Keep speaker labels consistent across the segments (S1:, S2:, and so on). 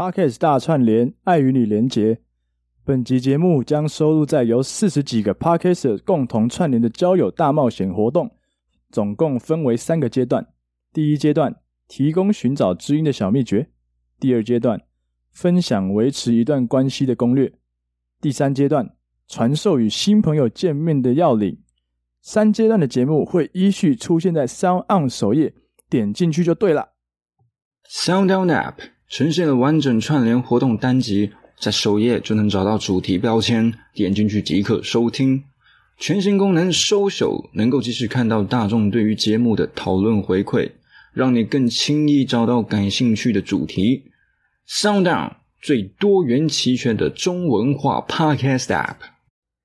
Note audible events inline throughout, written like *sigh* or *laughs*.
S1: Podcast 大串聯，愛與你連結。本集節目將收錄在由四十幾個 Podcast 共同串聯的交友大冒險活動，總共分為三個階段。第一階段提供尋找知音的小秘訣；第二階段分享維持一段關係的攻略；第三階段傳授與新朋友見面的要領。三階段的節目會依序出現在 Sound
S2: On 首頁，點進去就對了。Sound On App。呈現了完整串聯活動單集，在首頁就能找到主題標籤，點進去即可收聽。全新功能“收手”能夠即時看到大眾對於節目的討論回饋，讓你更輕易找到感興趣的主題。
S3: SoundOn 最多元齊全的中文化 Podcast App。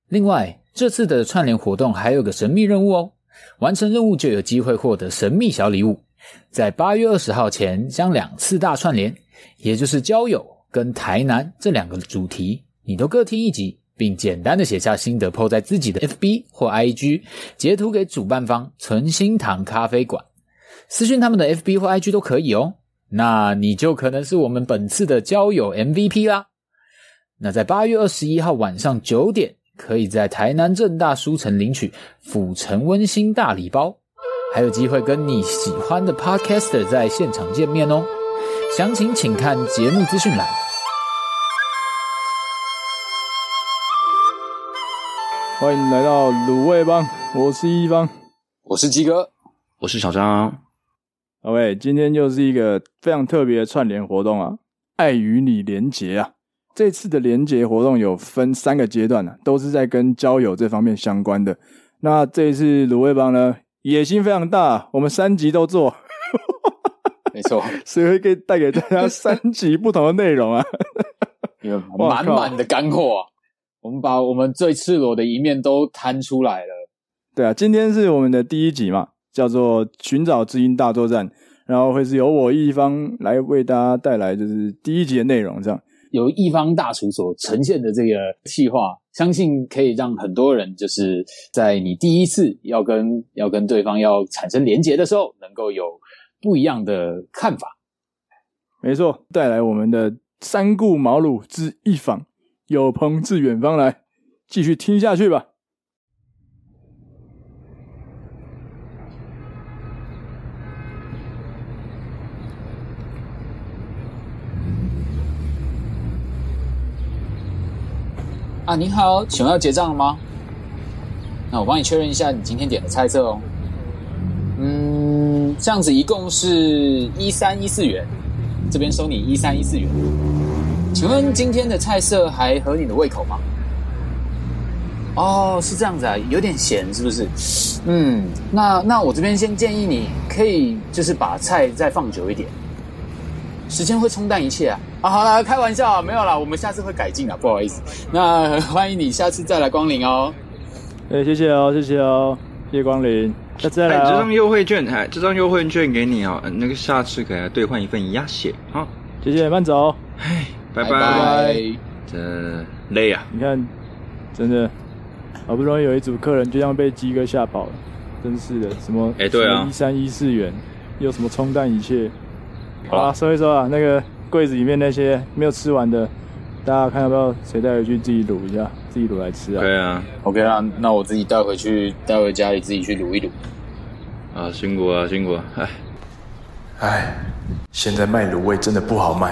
S3: 另外，這次的串聯活動還有個神秘任務哦，完成任務就有機會獲得神秘小禮物。在八月二十號前，將兩次大串聯，也就是交友跟台南這兩個主題，你都各聽一集，並簡單的寫下心得，po 在自己的 FB 或 IG，截圖給主辦方存心堂咖啡館，私訊他們的 FB 或 IG 都可以哦。那你就可能是我們本次的交友 MVP 啦。那在八月二十一號晚上九點，可以在台南政大書城領取府城溫馨大禮包。還有機會跟你喜歡的 Podcaster 在現場見面哦，詳情請看節目資訊欄。
S1: 歡迎來到滷味幫，我是一方，我是雞哥，
S2: 我是小張。各
S1: 位，今天就是一個非常特別的串聯活動啊，愛與你連結啊！這次的連結活動有分三個階段啊，都是在跟交友這方面相關的。那這一次滷味幫呢？野心非常大，我們三集都做，
S3: *laughs* 沒錯
S1: 錯，所以可以帶給大家三集不同的內容啊，滿 *laughs* 滿
S3: 的乾貨啊，我們把我們最赤裸的一面都攤出來了。來
S1: 了對啊，今天是我們的第一集嘛，叫做《尋找知音大作戰》，然後會是由我一方來為大家帶來就是第一集
S3: 的內容，這樣。由一方大廚所呈現的這個氣話，相信可以讓很多人就是在你第一次要跟要跟對方要產生連結的時候，能夠有不一樣的看法。沒錯，帶來我們的
S1: 三顧茅廬之一訪，有朋自遠方來，繼續聽下去吧。
S3: 啊，你好，請問要結賬了嗎？那我幫你確認一下你今天點的菜色哦。嗯，這樣子一共是一三一四元，這邊收你一三一四元。嗯，請問今天的菜色還合你的胃口嗎？哦，是這樣子啊，有點鹹，是不是？嗯，那那我這邊先建議你可以就是把菜再放久一點。時間會沖淡一切啊！啊，好了，開玩笑、啊，沒有了，我們下次會改進的、啊，不好意思。那歡迎你下次再來光臨哦。哎、
S1: 欸，謝謝哦，謝謝哦，謝謝光臨，下次再來、啊、這張
S2: 優惠券，哎，這張優惠券給你哦、啊。那個下次給他、啊、兌換一份鴨血好，哈，謝謝，慢走。哎，拜拜。拜拜。真累啊！你看，真的，
S1: 好不容易有一組客人，就這樣被雞哥嚇跑了，真是的。什麼？哎、欸，對啊，一三一四元，又什麼沖淡一切。好啦，收一收啊！那個櫃子裡面那些沒有吃完的，大家看要不要誰帶回去自己滷一下，自己滷來吃啊？對
S3: 啊，okay 啊，OK 啊，那我自己帶回去，帶回家裡自己去滷一滷。啊，辛苦啊，
S1: 辛苦了！哎，哎，現在賣滷味真的不好賣，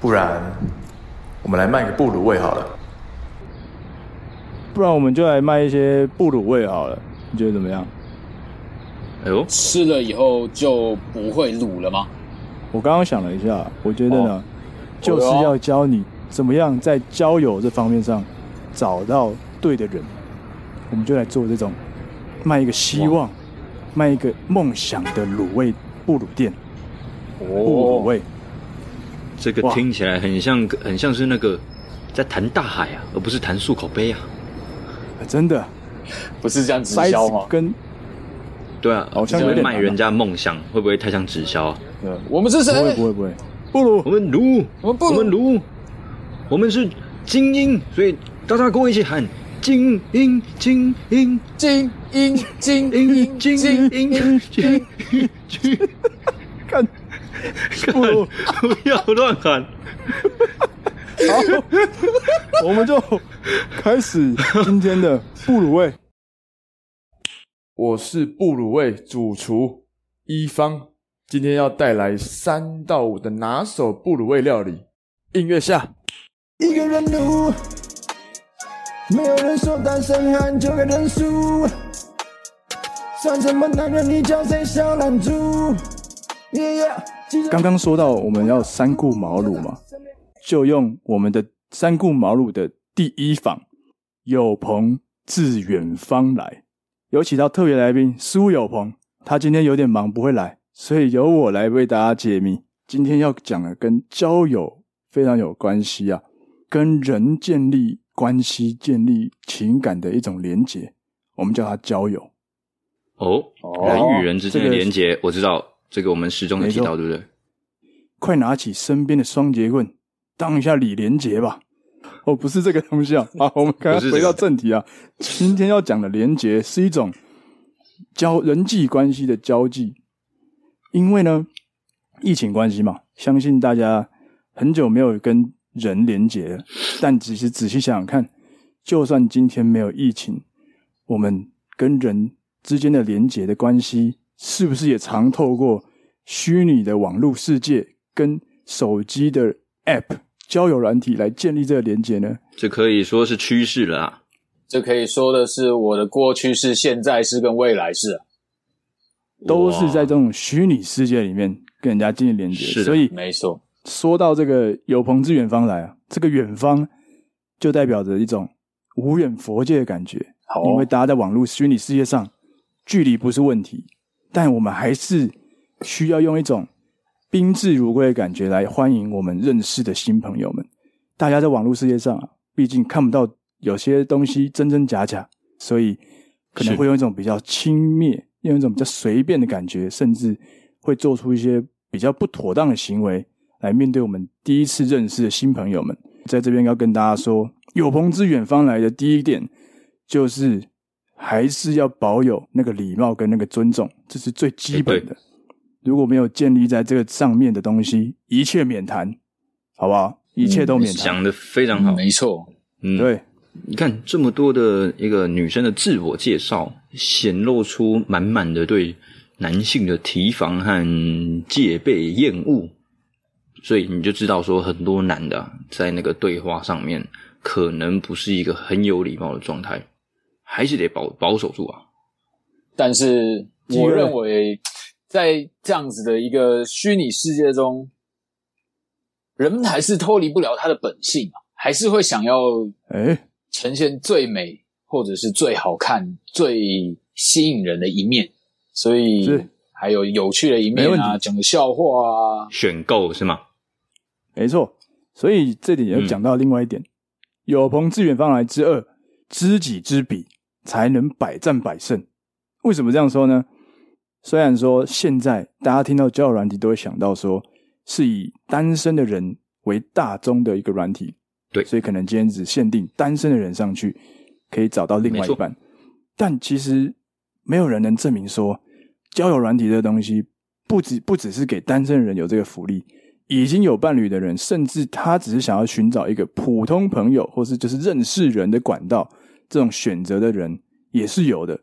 S1: 不然我們來賣個不滷味好了。不然我們就來賣一些不滷味好了，你覺得怎麼樣？哎呦，
S3: 吃了以後就不會滷了嗎？
S1: 我剛剛想了一下，我覺得呢，哦、
S3: 就是要
S1: 教你怎麼樣在交友這方面上找到對的人。我們就來做這種賣一個希望、哇賣一個夢想的
S2: 滷味不魯店，哦，不魯味。這個聽起來很像哇很像是那個在談大海啊，而不是談漱口杯啊，
S1: 啊。真的不是這樣直銷嗎？
S2: 對啊，好像有賣人家夢想，啊、會不會太像直銷啊？我們是誰？不會不會不會，不魯、我們魯、我們不，我們我們是精英，所以大家跟我一起喊：精英、精英、精英、精英、精英、精英、精
S1: 英！看，
S2: 不不要亂喊。
S1: 好，我們就開始今天的不魯味。我是不魯味主廚一方。今天要帶來三到五的拿手不魯味料理。音樂下，一個人魯沒有人說單身漢就該認輸，算什麼男人？你叫誰小懶
S2: 豬？yeah, 剛
S1: 剛說到我們要三顧茅廬嘛，就用我們的三顧茅廬的第一訪，有朋自遠方來。有請到特別來賓蘇有朋，他今天有點忙，不會來。所以由我來為大家解密，今天要講的跟交友非常有關係啊，跟人建立關係、建立情感的一種連結，我們叫它交友。
S2: 哦，人與人之間的連結，哦這個、我知道這個我們始終有提到，沒錯，對不對？
S1: 快拿起身邊的雙截棍，當一下李連杰吧！哦，不是這個東西啊，好、 *laughs* 啊，我們趕快回到
S2: 正題啊。
S1: 今天要講的連結是一種交人際關係的交際。因為呢，疫情關係嘛，相信大家很久沒有跟人連結了。但其實仔細想想看，就算今天沒有疫情，我們跟人之間的連結的關係，是不是也常透過虛擬的網絡世界跟手機的 App 交友軟體來建立這個連結呢？
S3: 這可以說是趨勢了啊！這可以說的是我的過去式、現在式跟未來式啊！
S1: 都是在這種虛擬世界裡面跟人家進行連接，是的，所以，沒錯。說到這個有朋自遠方來啊，這個遠方就代表着一種無遠佛界的感覺。好哦。因為大家在網絡虛擬世界上，距離不是問題，但我們還是需要用一種賓至如歸的感覺來歡迎我們認識的新朋友們。大家在網絡世界上啊，畢竟看不到，有些東西真真假假，所以可能會用一種比較輕蔑。用一種比較隨便的感覺，甚至會做出一些比較不妥當的行為來面對我們第一次認識的新朋友們。在這邊要跟大家說，有朋自遠方來的第一點，就是還是要保有那個禮貌跟那個尊重，這是最基本的。欸、對如果沒有建立在這個上面的東西，一切免談，好不好？一切都免談。講得，
S3: 嗯、非常好，沒錯，嗯，嗯對。
S2: 你看這麼多的一個女生的自我介紹，顯露出滿滿的對男性的提防和戒備、厭惡，所以你就知道說，很多男的在那個對話上面，可能不是一個很有禮貌的狀態，還是得保保守住啊。
S3: 但是，我認為在這樣子的一個虛擬世界中，人們還是脫離不了他的本性，還是會想要哎。欸呈現最美或者是最好看、最吸引人的一面，所以是還有有趣的一面啊，講個笑話啊，選購是嗎？
S2: 沒錯，
S1: 所以這裡也講到另外一點：嗯、有朋自遠方來之二，知己知彼才能百戰百勝。為什麼這樣說呢？雖然說現在大家聽到交友軟體都會想到說，是以單身的人為大宗的一個軟體。對，所以可能今天只限定單身的人上去可以找到另外一半，沒錯。但其實沒有人能證明說交友軟體這個東西不止，不只是給單身的人有這個福利，已經有伴侶的人，甚至他只是想要尋找一個普通朋友，或是就是認識人的管道，這種選擇的人也是有的。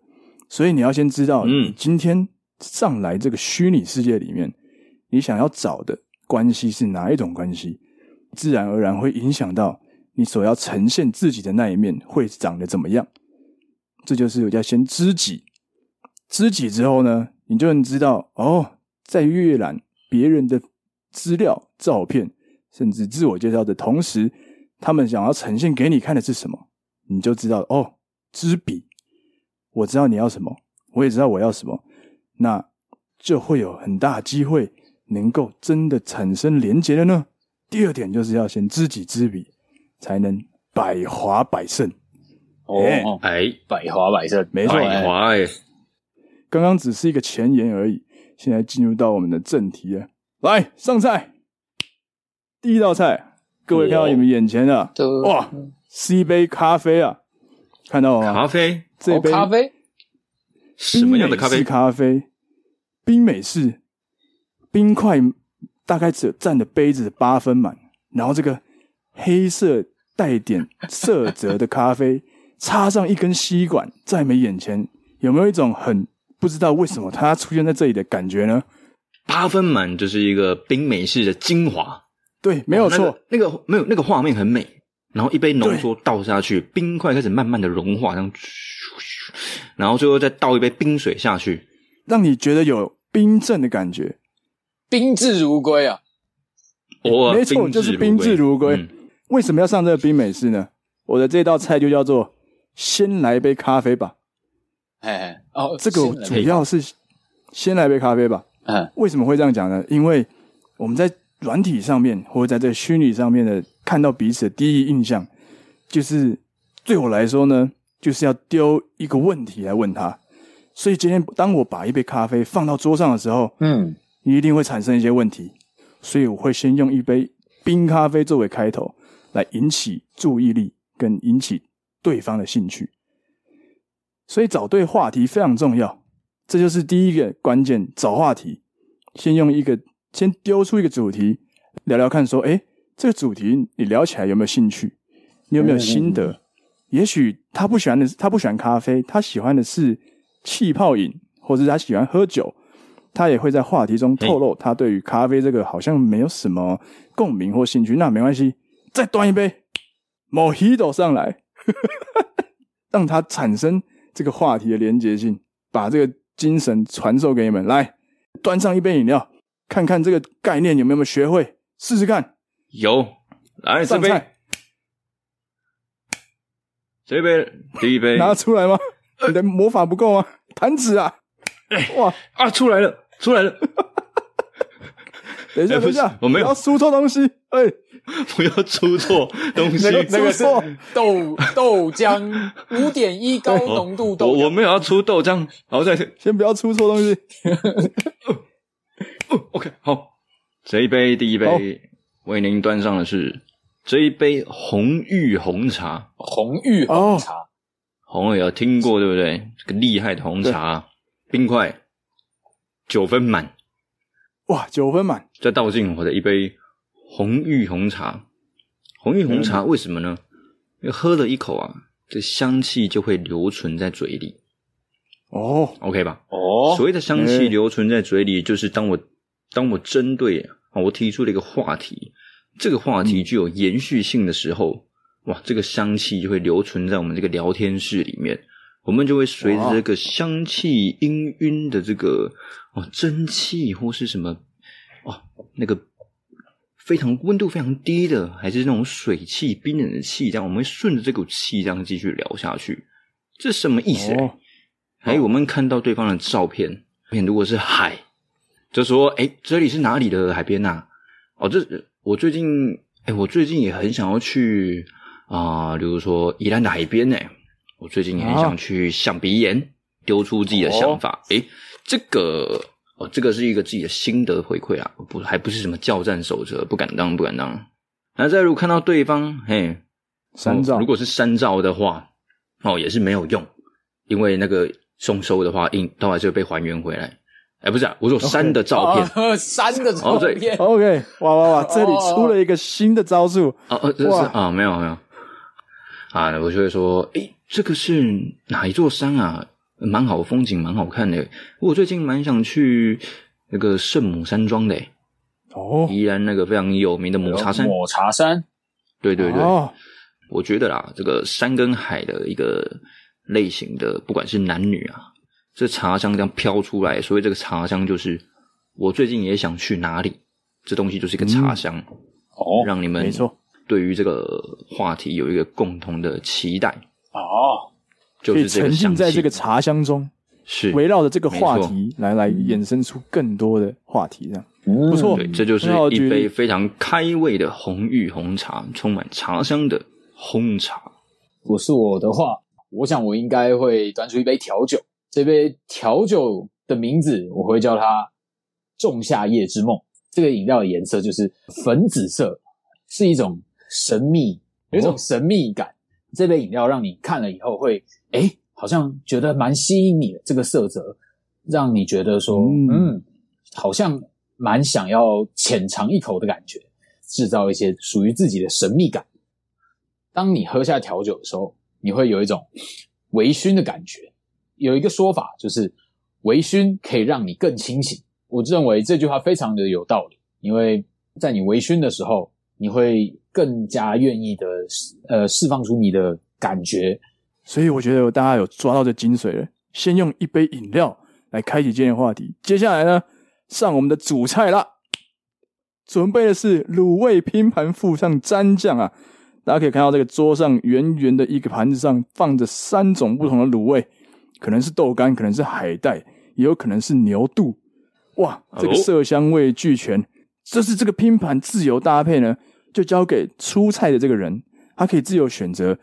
S1: 所以你要先知道，嗯，你今天上來這個虛擬世界裡面，你想要找的關係是哪一種關係，自然而然會影響到。你所要呈現自己的那一面會長得怎麼樣？這就是要先知己，知己之後呢，你就能知道哦，在閱覽別人的資料、照片，甚至自我介紹的同時，他們想要呈現給你看的是什麼，你就知道哦。知彼，我知道你要什麼，我也知道我要什麼，那就會有很大機會能夠真的產生連結的呢。第二點就是要先知己知彼。才能百華百勝，
S3: 哦，哎、oh, 欸，百華百勝，沒錯、欸。
S1: 剛剛、欸、只是一個前言而已，現在進入到我們的正題了。來上菜，第一道菜，各位看到你們眼前的、啊 oh. 哇，是一對杯咖啡啊，看到了嗎？咖啡，這杯、oh, 咖啡，冰美式咖啡，什麼樣的咖啡？咖啡，冰美式，冰塊大概只有占的杯子的八分滿，然後這個黑色。帶點色澤的咖啡，插上一根吸管，在你眼前有沒有一種很不知道為什麼它出現在這裡的感覺呢？
S2: 八分滿就是一個冰美式的精華，
S1: 對，沒有錯、
S2: 哦，那個、那個、沒有那個畫面很美，然後一杯濃縮倒下去，對冰塊開始慢慢的融化這樣咻咻咻，然後最後再倒一杯冰水下去，讓你覺得有冰鎮
S1: 的感覺，
S3: 賓至如歸啊，
S1: 欸、沒錯，冰就是賓至如歸。嗯為什麼要上這個冰美式呢？我的這道菜就叫做“先來杯咖啡吧”。
S3: 哎，哦，這個主要
S1: 是“先來杯咖啡吧”。嗯，為什麼會這樣講呢？因為我們在軟體上面或者在這個虛擬上面的看到彼此的第一印象，就是對我來說呢，就是要丟一個問題來問他。所以今天當我把一杯咖啡放到桌上的時候，嗯，你一定會產生一些問題。所以我會先用一杯冰咖啡作為開頭。來引起注意力，跟引起對方的興趣，所以找對話題非常重要。這就是第一個關鍵：找話題。先用一個，先丟出一個主題，聊聊看，說：“哎，這個主題你聊起來有沒有興趣？
S3: 你有沒有心得？”
S1: 也許他不喜歡的是他不喜歡咖啡，他喜歡的是氣泡飲，或者是他喜歡喝酒。他也會在話題中透露，他對於咖啡這個好像沒有什麼共鳴或興趣。那沒關係。再端一杯，Mojito 上來，呵呵，讓它產生這個話題的連結性，把這個精神傳授給你們。來，端上一杯飲料，看看這個概念有沒有學會，試試看。
S2: 有，來上菜這杯，這一杯第一杯拿
S1: 出來嗎？你的魔法不夠嗎？彈指啊！哇、哎、啊出來了出來了！出來了 *laughs*
S3: 等一下，等一下，我沒有要出
S1: 錯東西，哎，不要出錯東西，那個是
S3: 豆豆漿五點一高濃度豆，我
S2: 我沒有要出豆漿，好，再先不要出錯東西，OK，好，這一杯第一杯為您端上的是這一杯紅玉紅茶，紅玉紅茶，紅玉有聽過對不對？這個厲害的紅茶，冰塊九分滿。哇，九分滿。再倒進我的一杯紅玉紅茶。紅玉紅茶為什麼呢？嗯、因為喝了一口啊，這香氣就會留存在嘴裡。哦，OK 吧？哦，所謂的香氣留存在嘴裡，就是當我、欸、當我針對啊，我提出了一個話題，這個話題具有延續性的時候，嗯、哇，這個香氣就會留存在我們這個聊天室裡面。我們就會隨着這個香氣氤氲的這個哦，蒸汽，或是什麼哦，那個非常溫度非常低的，還是那種水汽冰冷的氣這樣，我們會順着這股氣這樣繼續聊下去，這什麼意思，欸？哎、哦欸，我們看到對方的照片，片如果是海，就說誒、欸、這裡是哪裡的海邊吶、啊？哦，這我最近誒、欸、我最近也很想要去啊、呃，比如說宜蘭的海邊呢、欸。我最近也很想去想鼻炎、啊、丟出自己的想法。哦、誒，這個哦，這個是一個自己的心得回饋啊，不還不是什麼教戰守則，不敢當，不敢當。那、啊、再如果看到對方，嘿，三照雙、哦，如果是三照的話，哦，也是沒有用，因為那個送收的話，應，到後來還是會被還原回來。哎，不是、啊，我說三的照片
S3: ，Okay. 哦、三的照片、哦，OK，哇哇哇，這裡出了
S1: 一個新的招數。
S2: 哦哦，哇哦，這是啊、哦，沒有沒有。啊，我就會說，誒、欸，這個是哪一座山啊？蠻好風景，蠻好看的。我最近蠻想去那個聖母山莊的哦，宜蘭那個非常有名的抹茶山。抹茶山，對對對，哦、我覺得啦，這個山跟海的一個類型的，不管是男女啊，這茶香這樣飄出來，所以這個茶香就是我最近也想去哪裡，這東西就是一個茶香、嗯、哦，讓你們沒錯。對於這個話題有一個共同的期待啊，哦、就是沉浸在這個茶香中，是圍繞着這個話題、沒錯、
S1: 來來衍生出更多
S2: 的話題，這樣、嗯、不錯。對，這就是一杯非常開胃的紅玉紅茶，
S3: 充滿茶香的紅茶。
S2: 如果是我
S3: 的話，我想我應該會端出一杯調酒，這杯調酒的名字我會叫它“仲夏夜之夢”。這個飲料的顏色就是粉紫色，是一種。神秘有一種神秘感，哦、這杯飲料讓你看了以後會誒，好像覺得蠻吸引你的這個色澤，讓你覺得說嗯，嗯，好像蠻想要淺嘗一口的感覺，制造一些屬於自己的神秘感。當你喝下調酒的時候，你會有一種微醺的感覺。有一個說法就是，微醺可以讓你更清醒。我認為這句話非常的有道理，因為在你微醺的時候，你會，更加願意的，呃，釋放出你的感覺，所以我覺得大家有
S1: 抓到這精髓了。先用一杯飲料來開啟今天的話題，接下來呢，上我們的主菜啦。準備的是滷味拼盤，附上沾醬啊。大家可以看到這個桌上圓圓的一個盤子上放着三種不同的滷味，可能是豆干，可能是海帶，也有可能是牛肚。哇，這個色香味俱全，這是這個拼盤自由搭配呢？就交給出菜的這個人，他可以自由選擇。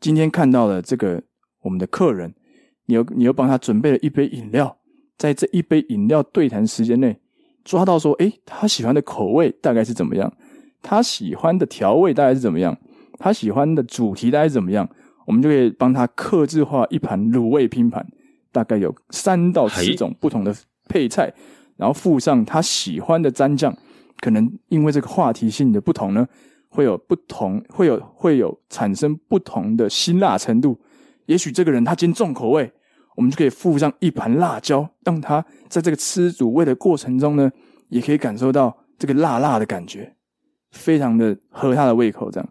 S1: 今天看到的這個我們的客人，你又你又幫他準備了一杯飲料，在這一杯飲料對談時間內，抓到說，誒他喜歡的口味大概是怎麼樣？他喜歡的調味大概是怎麼樣？他喜歡的主題大概是怎麼樣？我們就可以幫他客製化一盤滷味拼盤，大概有三到四種不同的配菜，哎、然後附上他喜歡的沾醬。可能因為這個話題性的不同呢，會有不同，會有會有產生不同的辛辣程度。也許這個人他今天重口味，我們就可以附上一盤辣椒，讓他在這個吃滷味的過程中呢，也可以感受到這個辣辣的感覺，非常的合他的胃口。這樣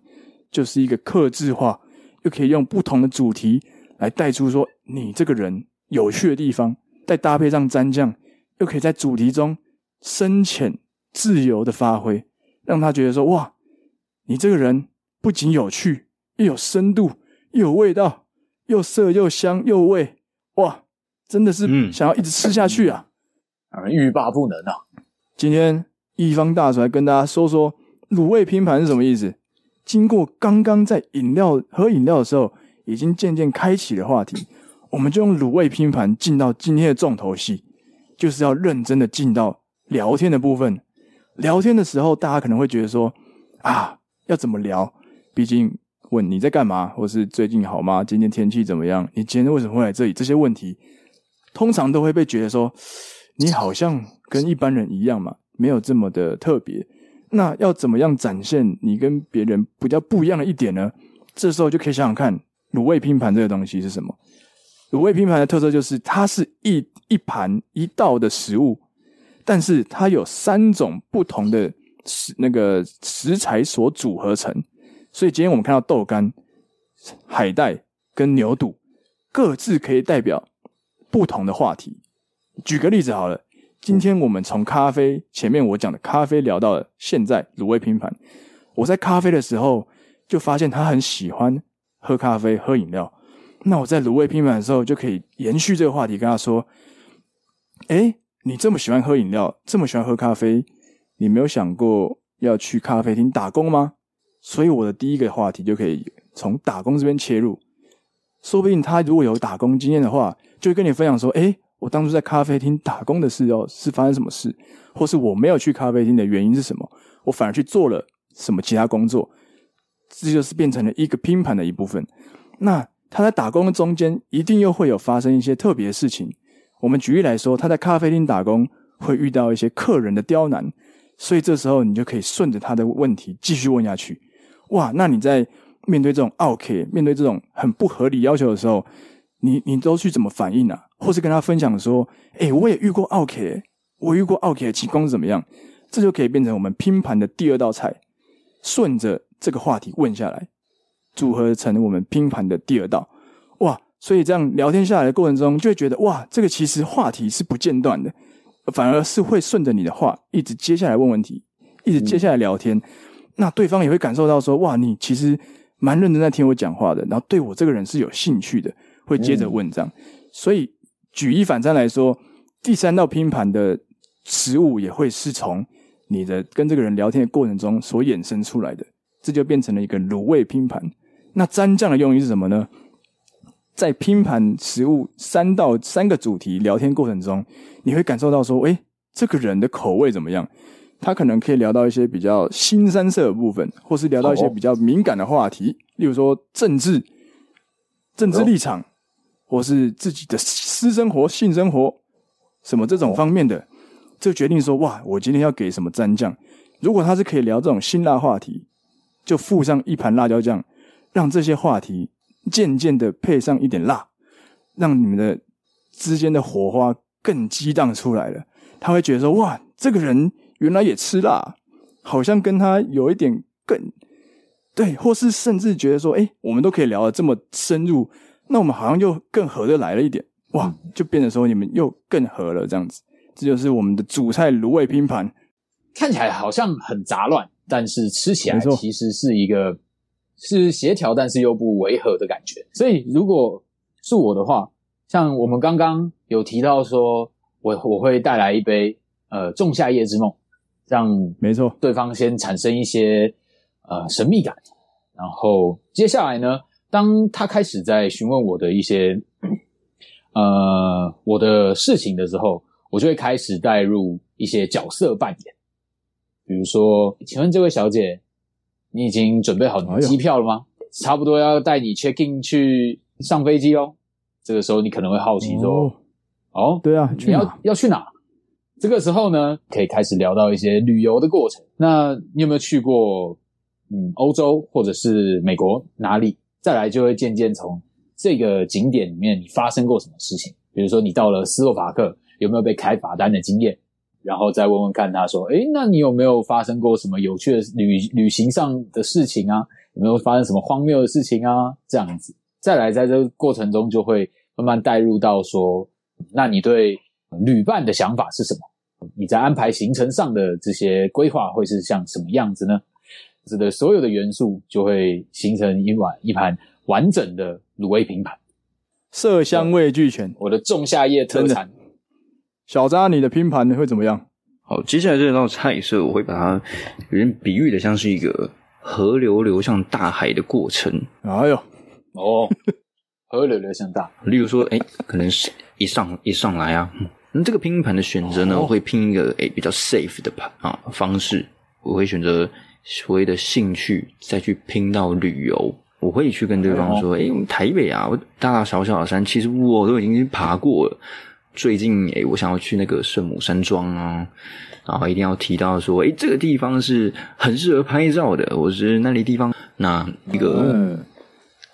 S1: 就是一個客製化，又可以用不同的主題來帶出說你這個人有趣的地方，再搭配上沾醬，又可以在主題中深淺。自由的發揮，讓他覺得說：“哇，你這個人不僅有趣，又有深度，又有味道，又色又香又味，哇，真的是想要一直吃下去啊，啊、嗯， *laughs* 欲罷不能啊！”今天一方大廚來跟大家說說滷味拼盤是什麼意思。經過剛剛在飲料喝飲料的時候，已經漸漸開啟的話題， *laughs* 我們就用滷味拼盤進到今天的重頭戲，就是要認真的進到聊天的部分。聊天的時候，大家可能會覺得說：“啊，要怎麼聊？畢竟問你在幹嘛，或是最近好嗎？今天天氣怎麼樣？你今天為什麼會來這裡？”這些問題通常都會被覺得說：“你好像跟一般人一樣嘛，沒有這麼的特別。”那要怎麼樣展現你跟別人比較不一樣的一點呢？這時候就可以想想看，滷味拼盤這個東西是什麼？滷味拼盤的特色就是它是一一盤一道的食物。但是它有三種不同的食，那個食材所組合成，所以今天我們看到豆乾、海帶跟牛肚各自可以代表不同的話題。舉個例子好了，今天我們從咖啡，前面我講的咖啡聊到了現在滷味拼盤。我在咖啡的時候就發現他很喜歡喝咖啡、喝飲料，那我在滷味拼盤的時候就可以延續這個話題，跟他說：“哎。”你這麼喜歡喝飲料，這麼喜歡喝咖啡，你沒有想過要去咖啡廳打工嗎？所以我的第一個話題就可以從打工這邊切入。說不定他如果有打工經驗的話，就會跟你分享說：“誒，我當初在咖啡廳打工的事哦，是發生什麼事，或是我沒有去咖啡廳的原因是什麼？我反而去做了什麼其他工作。”這就是變成了一個拼盤的一部分。那他在打工的中間，一定又會有發生一些特別的事情。我們舉例來說，他在咖啡廳打工，會遇到一些客人的刁難，所以這時候你就可以順着他的問題繼續問下去。哇，那你在面對這種奧客，面對這種很不合理要求的時候，你你都去怎麼反應呢？啊？或是跟他分享說，哎、欸，我也遇過奧客，我遇過奧客的情況是怎麼樣？這就可以變成我們拼盤的第二道菜，順着這個話題問下來，組合成我們拼盤的第二道。哇！所以，這樣聊天下來的過程中，就會覺得哇，這個其實話題是不間斷的，反而是會順着你的話一直接下來問問題，一直接下來聊天。嗯、那對方也會感受到說哇，你其實蠻認真的在聽我講話的，然後對我這個人是有興趣的，會接着問這樣。嗯、所以舉一反三來說，第三道拼盤的食物也會是從你的跟這個人聊天的過程中所衍生出來的，這就變成了一個滷味拼盤。那沾醬的用意是什麼呢？在拼盤食物三到三個主題聊天過程中，你會感受到說，誒，這個人的口味怎麼樣？他可能可以聊到一些比較腥羶色的部分，或是聊到一些比較敏感的話題，例如說政治、政治立場，或是自己的私生活、性生活什麼這種方面的，就決定說，哇，我今天要給什麼沾醬？如果他是可以聊這種辛辣話題，就附上一盤辣椒醬，讓這些話題。漸漸的配上一點辣，讓你們的之間的火花更激盪出來了。他會覺得說：“哇，這個人原來也吃辣，好像跟他有一點更對，或是甚至覺得說：‘哎，我們都可以聊得這麼深入，那我們好像又更合得來了一點。’哇，就變得說你們又更合了這樣子。嗯、這就是我們的主菜
S3: 滷味拼盤，看起來好像很雜亂，但是吃起來錯其實是一個。”是協調，但是又不違和的感覺。所以，如果是我的話，像我們剛剛有提到說，我我會帶來一杯呃《仲夏夜之夢》，讓沒錯對方先產生一些呃神秘感。然後接下來呢，當他開始在詢問我的一些呃我的事情的時候，我就會開始帶入一些角色扮演，比如說，請問這位小姐。你已經準備好你的機票了嗎？哎、呦差不多要帶你 check in 去上飛機哦。這個時候你可能會好奇說：“哦，哦對啊，你要去哪？要去哪？”這個時候呢，可以開始聊到一些旅遊的過程。那你有沒有去過嗯歐洲或者是美國哪裡？再來就會漸漸從這個景點裡面你發生過什麼事情？比如說你到了斯洛伐克，有沒有被開罰單的經驗？然後再問問看他說：“誒，那你有沒有發生過什麼有趣的旅旅行上的事情啊？有沒有發生什麼荒謬的事情啊？這樣子，再來，在這個過程中就會慢慢帶入到說，那你對旅伴的想法是什麼？你在安排行程上的這些規劃會是像什麼樣子呢？是的，所有的元素就會形成一碗一盤完整的滷味拼盤，色香味俱全。我的仲夏夜特產。”
S1: 小渣，你的拼盤會怎麼樣？
S2: 好，接下來這道菜色，我會把它有點比喻的，像是一個河流流向大海的過程。
S3: 哎呦，哦， *laughs* 河流流向大，
S2: 例如說，哎，可能是一上一上來啊。那這個拼盤的選擇呢，哦、我會拼一個哎比較 safe 的啊方式，我會選擇所謂的興趣再去拼到旅遊。我會去跟對方說，我們、哎呦哎、台北啊，大大小小的山，其實我都已經爬過了。最近哎，我想要去那個聖母山莊啊，然後一定要提到說，誒，這個地方是很適合拍照的。我是那裡地方那一個，嗯、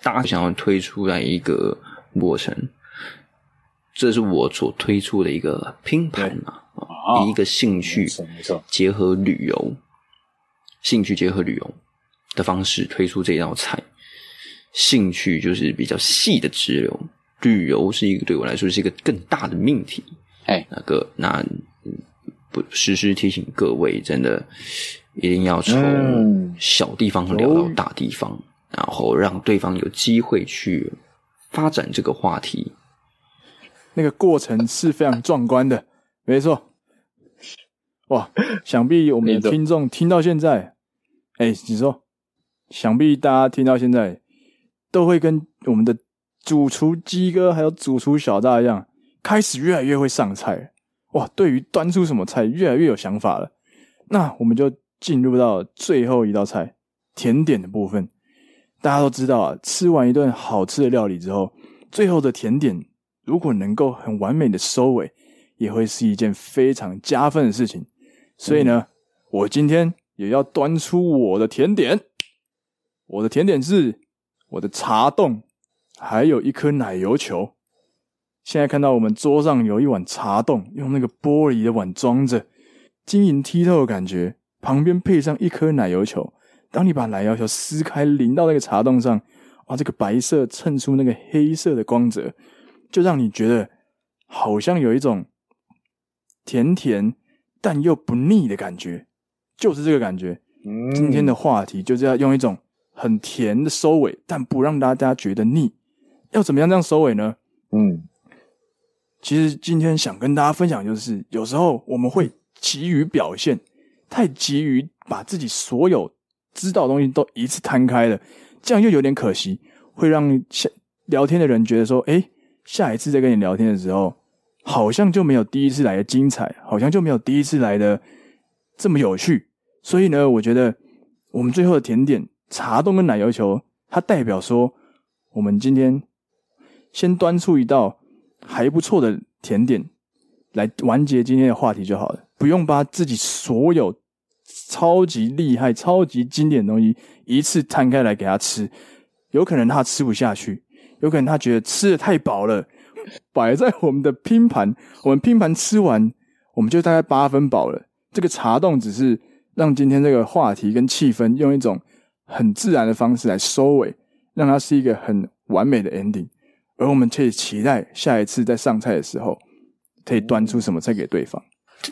S2: 大家想要推出來一個過程，這是我所推出的一個拼盤啊，嗯、以一個興趣，沒錯，結合旅遊，錯興趣結合旅遊的方式推出這道菜，興趣就是比較細的支流。旅遊是一個對我來說是一個更大的命題，哎、欸那個，那個那不時時提醒各位，真的一定要從小地方聊到大地方，嗯、然後讓對方有機會去發展這個話題，
S1: 那個過程是非常壯觀的， *laughs* 沒錯。哇，想必我們的聽眾聽到現在，哎懂、欸，你說，想必大家聽到現在都會跟我們的。主廚雞哥還有主廚小大一樣，開始越來越會上菜了，哇！對於端出什麼菜越來越有想法了。那我們就進入到最後一道菜甜點的部分。大家都知道啊，吃完一頓好吃的料理之後，最後的甜點如果能夠很完美的收尾，也會是一件非常加分的事情。所以呢，嗯、我今天也要端出我的甜點。我的甜點是我的茶凍。還有一顆奶油球。現在看到我們桌上有一碗茶凍，用那個玻璃的碗裝着，晶瑩剔透的感覺，旁邊配上一顆奶油球。當你把奶油球撕開，淋到那個茶凍上，哇，這個白色襯出那個黑色的光澤，就讓你覺得好像有一種甜甜但又不膩的感覺，就是這個感覺。嗯。今天的話題就是要用一種很甜的收尾，但不讓大家覺得膩。要怎麼樣這樣收尾呢？嗯，其實今天想跟大家分享，就是有時候我們會急於表現，太急於把自己所有知道的東西都一次攤開了，這樣又有點可惜，會讓下聊天的人覺得說：“誒、欸，下一次再跟你聊天的時候，好像就沒有第一次來的精彩，好像就沒有第一次來的這麼有趣。”所以呢，我覺得我們最後的甜點——茶凍跟奶油球，它代表說我們今天。先端出一道還不錯的甜點來完結今天的話題就好了，不用把自己所有超級厲害、超級經典的東西一次攤開來給他吃，有可能他吃不下去，有可能他覺得吃的太飽了。擺在我們的拼盤，我們拼盤吃完，我們就大概八分飽了。這個茶凍只是讓今天這個話題跟氣氛用一種很自然的方式來收尾，讓它是一個很完美的 ending。而我們可以期待
S2: 下一次在上菜的時候，可以端出什麼菜給對方。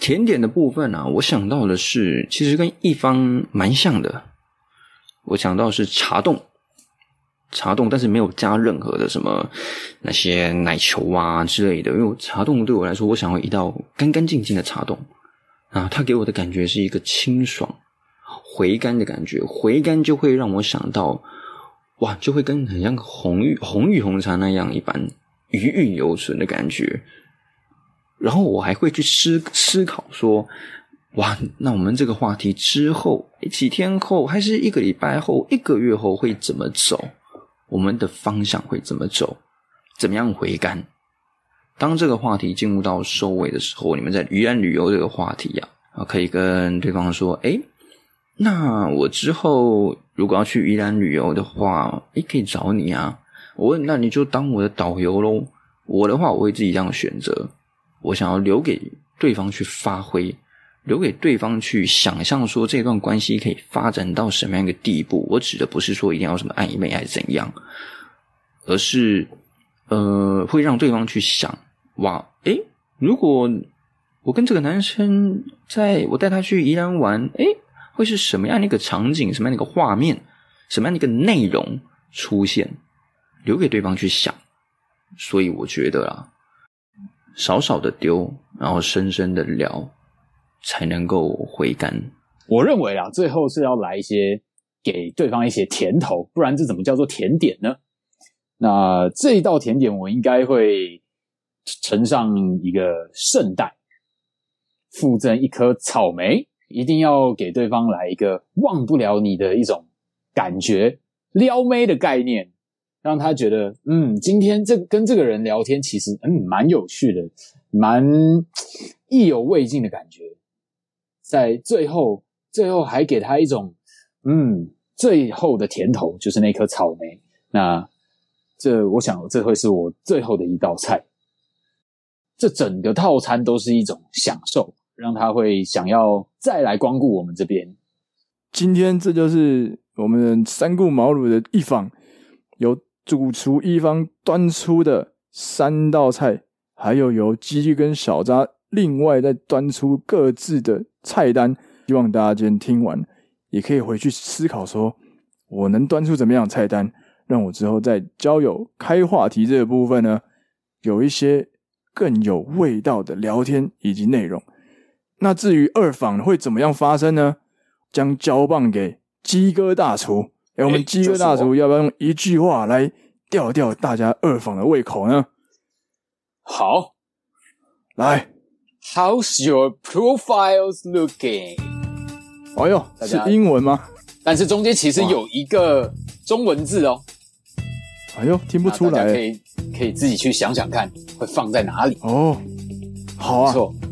S2: 甜點的部分啊，我想到的是，其實跟一方蠻像的。我想到是茶凍，茶凍，但是沒有加任何的什麼那些奶球啊之類的。因為茶凍對我來說，我想要一道乾干淨淨的茶凍。啊，它給我的感覺是一個清爽、回甘的感覺，回甘就會讓我想到。哇，就會跟很像紅玉紅玉紅茶那樣一般餘韻猶存的感覺。然後我還會去思思考說，哇，那我們這個話題之後幾天後，還是一個禮拜後，一個月後會怎麼走？我們的方向會怎麼走？怎麼樣回甘？當這個話題進入到收尾的時候，你們在雲南旅遊這個話題呀、啊，可以跟對方說，哎，那我之後。如果要去宜蘭旅遊的話，哎，可以找你啊！我問，那你就當我的導遊嘍。我的話，我會自己這樣選擇。我想要留給對方去發揮，留給對方去想象說這段關係可以發展到什麼樣一個地步。我指的不是說一定要什麼曖昧，還是怎樣，而是呃，會讓對方去想哇，哎，如果我跟這個男生在，在我帶他去宜蘭玩，哎。會是什麼樣的一個場景，什麼樣的一個畫面，什麼樣的一個內容出現，留給對方去想。所以我覺得啊，少少的丟，然後深深的聊，才能夠回甘。
S3: 我認為啊，最後是要來一些給對方一些甜頭，不然這怎麼叫做甜點呢？那這一道甜點，我應該會盛上一個聖代，附贈一顆草莓。一定要給對方來一個忘不了你的一種感覺，撩妹的概念，讓他覺得，嗯，今天這跟這個人聊天，其實嗯蠻有趣的，蠻意猶未盡的感覺，在最後，最後還給他一種，嗯，最後的甜頭就是那顆草莓，那這我想這會是我最後的一道菜，這整個套餐都是一種享受。讓他會想要再來光顧我們這邊。今
S1: 天這就是我們三顧茅魯的一訪，由主廚一方端出的三道菜，還有由雞雞跟小扎另外再端出各自的菜單。希望大家今天聽完，也可以回去思考：說我能端出怎麼樣的菜單，讓我之後在交友、開話題這個部分呢，有一些更有味道的聊天以及內容。那至於二訪會怎麼樣發生呢？將交棒給雞哥大廚，哎、欸欸，我們雞哥大廚要不要用一句話來吊吊大家二訪的胃口呢？
S3: 好，來，How's your profiles looking？
S1: 哎呦，是英文嗎？
S3: 但是中間其實有一個中文字哦。
S1: 哎呦，聽不出來，可以
S3: 可以自己去想想看，會放在哪裡哦？好啊，好，不錯。